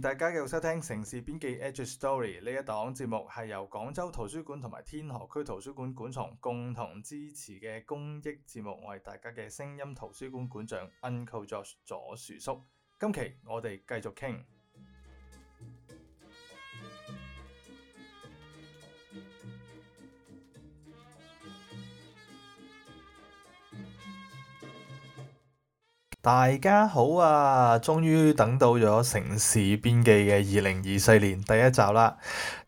大家繼續收聽城事邊記 Edge Story 呢一檔節目，係由廣州圖書館同埋天河區圖書館館藏共同支持嘅公益節目，我係大家嘅聲音圖書館館長 Uncle Josh 左樹叔。今期我哋繼續傾。大家好啊！終於等到咗《城事邊記》嘅二零二四年第一集啦～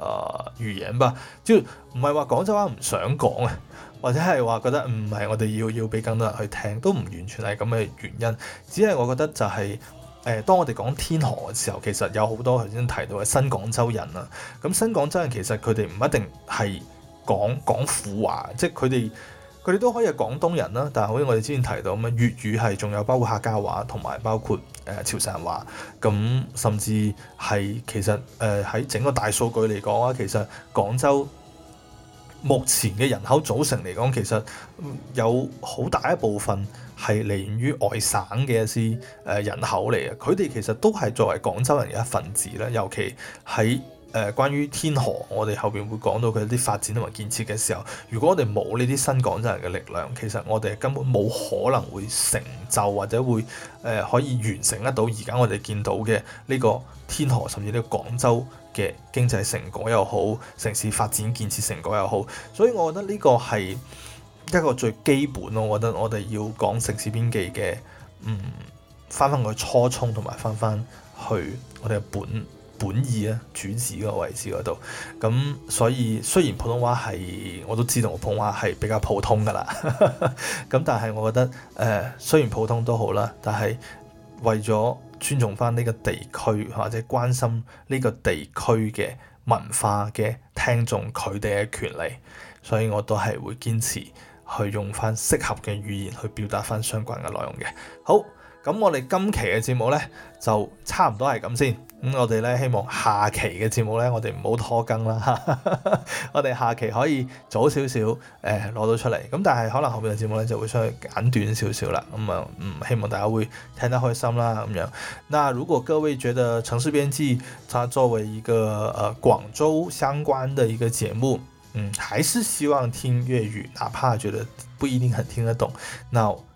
啊，語言吧，即唔係話廣州話唔想講啊，或者係話覺得唔係、嗯、我哋要要俾更多人去聽，都唔完全係咁嘅原因。只係我覺得就係、是、誒、呃，當我哋講天河嘅時候，其實有好多頭先提到嘅新廣州人啊。咁新廣州人其實佢哋唔一定係講廣府話，即係佢哋。佢哋都可以係廣東人啦，但係好似我哋之前提到咁樣，粵語係仲有包括客家話同埋包括誒潮汕話，咁甚至係其實誒喺、呃、整個大數據嚟講啊，其實廣州目前嘅人口組成嚟講，其實有好大一部分係嚟源於外省嘅一啲誒人口嚟嘅，佢哋其實都係作為廣州人嘅一份子啦，尤其喺。誒、呃，關於天河，我哋後面會講到佢啲發展同埋建設嘅時候，如果我哋冇呢啲新廣州人嘅力量，其實我哋根本冇可能會成就或者會、呃、可以完成得到而家我哋見到嘅呢個天河，甚至呢個廣州嘅經濟成果又好，城市發展建設成果又好，所以我覺得呢個係一個最基本咯。我覺得我哋要講城市邊記嘅，嗯，翻翻佢初衷同埋翻翻去我哋嘅本。本意呀，主旨個位置嗰度咁，所以雖然普通話係我都知道，我普通話係比較普通噶啦。咁 但係，我覺得誒、呃，雖然普通都好啦，但係為咗尊重翻呢個地區或者關心呢個地區嘅文化嘅聽眾，佢哋嘅權利，所以我都係會堅持去用翻適合嘅語言去表達翻相關嘅內容嘅。好，咁我哋今期嘅節目呢，就差唔多係咁先。咁、嗯、我哋咧希望下期嘅節目咧，我哋唔好拖更啦，我哋下期可以早少少誒攞到出嚟。咁但係可能後面嘅節目咧就會稍微簡短少少啦。咁、嗯、啊、嗯，希望大家會聽得開心啦。咁樣，那如果各位覺得城事邊記，他作為一個誒廣、呃、州相關嘅一個節目，嗯，還是希望聽粵語，哪怕覺得不一定很聽得懂，那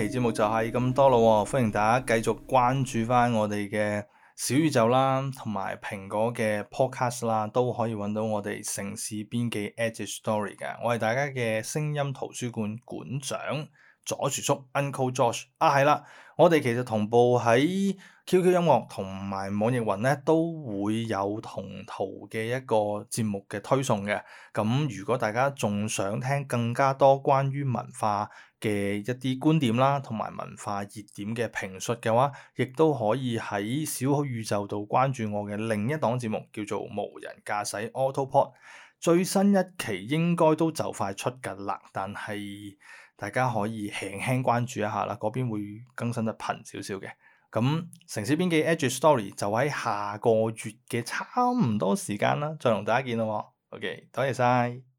期節目就係咁多喎，歡迎大家繼續關注翻我哋嘅小宇宙啦，同埋蘋果嘅 podcast 啦，都可以揾到我哋城事邊記 Edge Story 㗎。我係大家嘅聲音圖書館館，館長左薯叔，叔 Uncle Josh 啊，係啦，我哋其實同步喺 QQ 音樂同埋網易雲咧，都會有同圖嘅一個節目嘅推送嘅。咁如果大家仲想聽更加多關於文化嘅一啲觀點啦，同埋文化熱點嘅評述嘅話，亦都可以喺小宇宙度關注我嘅另一檔節目，叫做無人駕駛 AutoPod。最新一期應該都就快出㗎喇，但係大家可以輕輕關注一下啦，嗰邊會更新得頻少少嘅。咁城市邊記 Edge Story 就喺下個月嘅差唔多時間啦，再同大家見咯。OK，多謝晒。